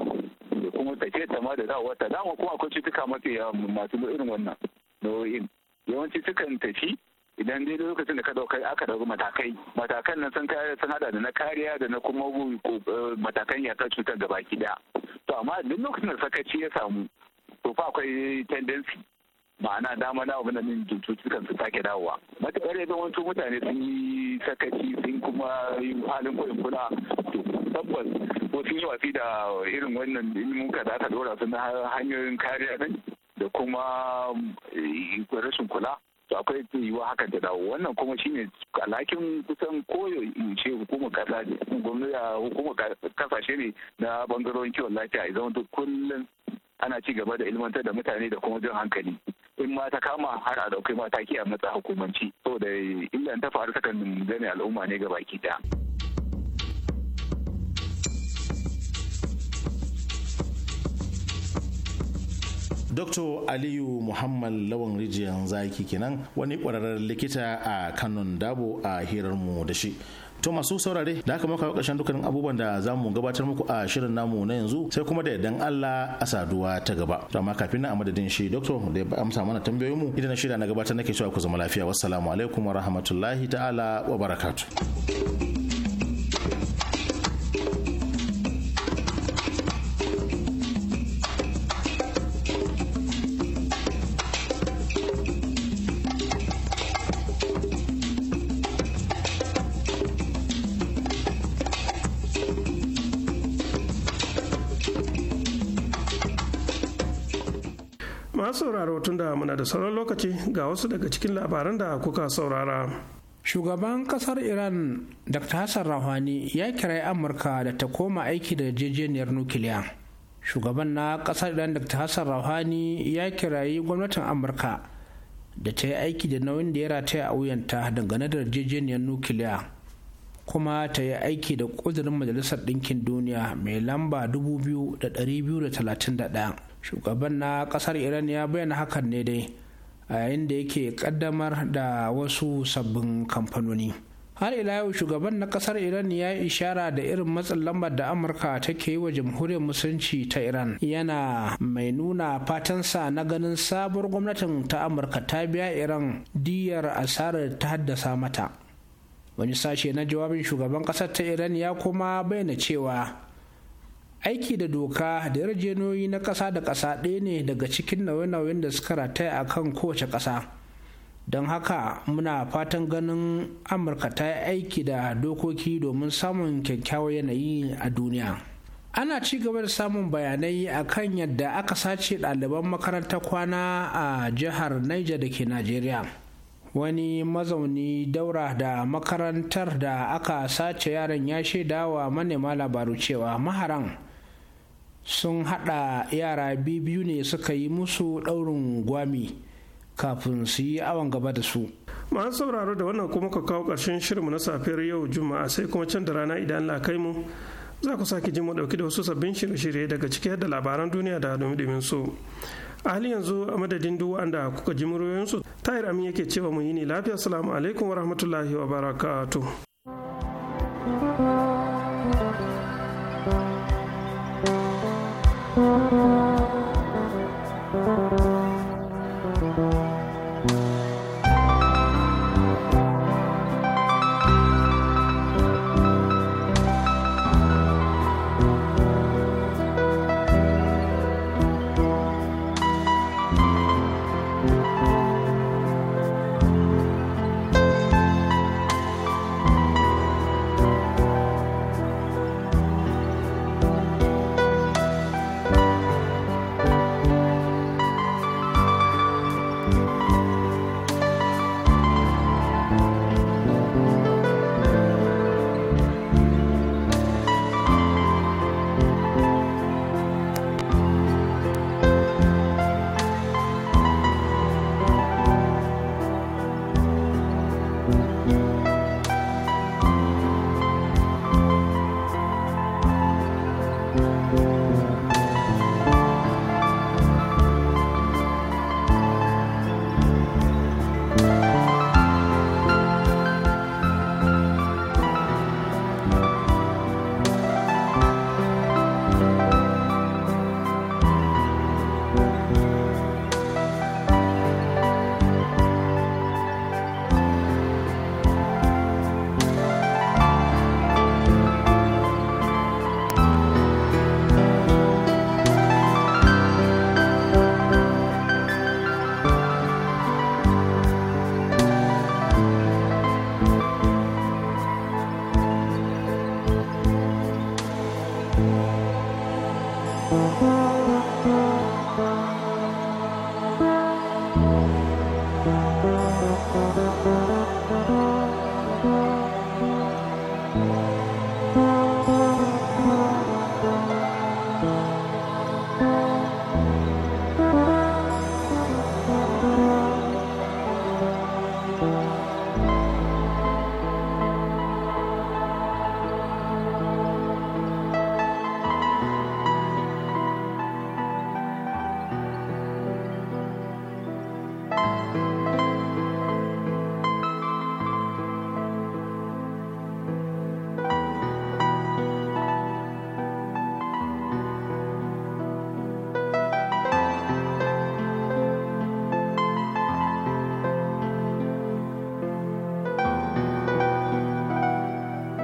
da kuma take ta ma da dawo ta mu kuma akwai cutuka mafi masu irin wannan nau'in yawanci sukan tafi idan dai lokacin da ka dauka aka dauki matakai matakan nan sun kare sun hada da na kariya da na kuma eh, matakan yakar cutar gaba ki daya to amma duk lokacin da sakaci ya samu to fa akwai tendency ma'ana dama na abin da min cututtukan su sake dawowa matuƙar ya zama mutane sun yi sakaci sun kuma yi halin kuɗin kula to tabbas wasu yi wasi da irin wannan ilimuka da aka dora su na hanyoyin kariya din da kuma eh, rashin kula to akwai yiwuwa hakan ta dawo wannan kuma shine alhakin kusan koyo ce hukumar kasa gwamnati hukumar kasashe ne na bangarorin kiwon lafiya idan kullum ana ci gaba da ilmantar da mutane da kuma jin hankali in ma ta kama har a ɗauki mataki a matsa hukumanci saboda illa ta faru takan gane al'umma ne gabaki daya. Dr. Aliyu Muhammad Lawan Rijiyar Zaki kenan wani kwararren likita a Kanon Dabo a hirarmu da shi. to masu saurare da aka maka ƙarshen dukkanin abubuwan da za mu gabatar muku a shirin namu na yanzu sai kuma da yardan Allah a saduwa ta gaba to amma kafin na a madadin shi doctor da ya amsa mana tambayoyin mu idan na shirya na gabatar nake cewa ku zama lafiya wassalamu alaikum wa rahmatullahi ta'ala wa barakatu. sauraro rahoton da muna da sauran lokaci ga wasu daga cikin labaran da kuka saurara. Shugaban kasar Iran Dr. Hassan Rouhani ya kirayi Amurka da ta koma aiki da yarjejeniyar nukiliya. Shugaban na kasar Iran Dr. Hassan Rouhani ya kirayi gwamnatin Amurka da ta yi aiki da nauyin da ya rataya a wuyanta dangane da yarjejeniyar nukiliya. kuma ta yi aiki da kudurin majalisar ɗinkin duniya mai lamba 2231 shugaban na kasar iran ya bayyana hakan ne dai a yayin da yake kaddamar da wasu sabbin kamfanoni har ila yau shugaban na kasar iran ya yi ishara da irin matsin lambar da amurka take yi wa jamhuriyar musulunci ta iran yana mai nuna fatansa na ganin sabuwar gwamnatin ta amurka ta biya iran diyar asarar ta haddasa mata wani sashe na jawabin shugaban kasar ta iran ya kuma bayyana cewa aiki da doka da yarjejeniyoyi na ƙasa da ƙasa ɗaya ne daga cikin nauye-nauyen da suka rataya a kan kowace ƙasa don haka muna fatan ganin amurka ta yi aiki da dokoki domin samun kyakkyawar yanayi a duniya ana ci gaba da samun bayanai a kan yadda aka sace ɗaliban makaranta kwana a jihar niger da ke najeriya wani mazauni daura da makarantar da aka sace yaran ya shaidawa manema labaru cewa maharan sun hada yara biyu ne suka yi musu daurin gwami kafin su yi awon gaba da su masu sauraro da wannan kuma ka kawo ƙarshen shirinmu na safiyar yau juma'a sai kuma can da rana idan la kai mu za ku sake ji mu dauki da wasu sabbin shirye-shirye daga ciki da labaran duniya da domin su a hali yanzu a madadin duk wanda kuka ji muryoyinsu tahir amin yake cewa mu yi ne lafiya salamu alaikum wa rahmatullahi wa barakatuh Thank you.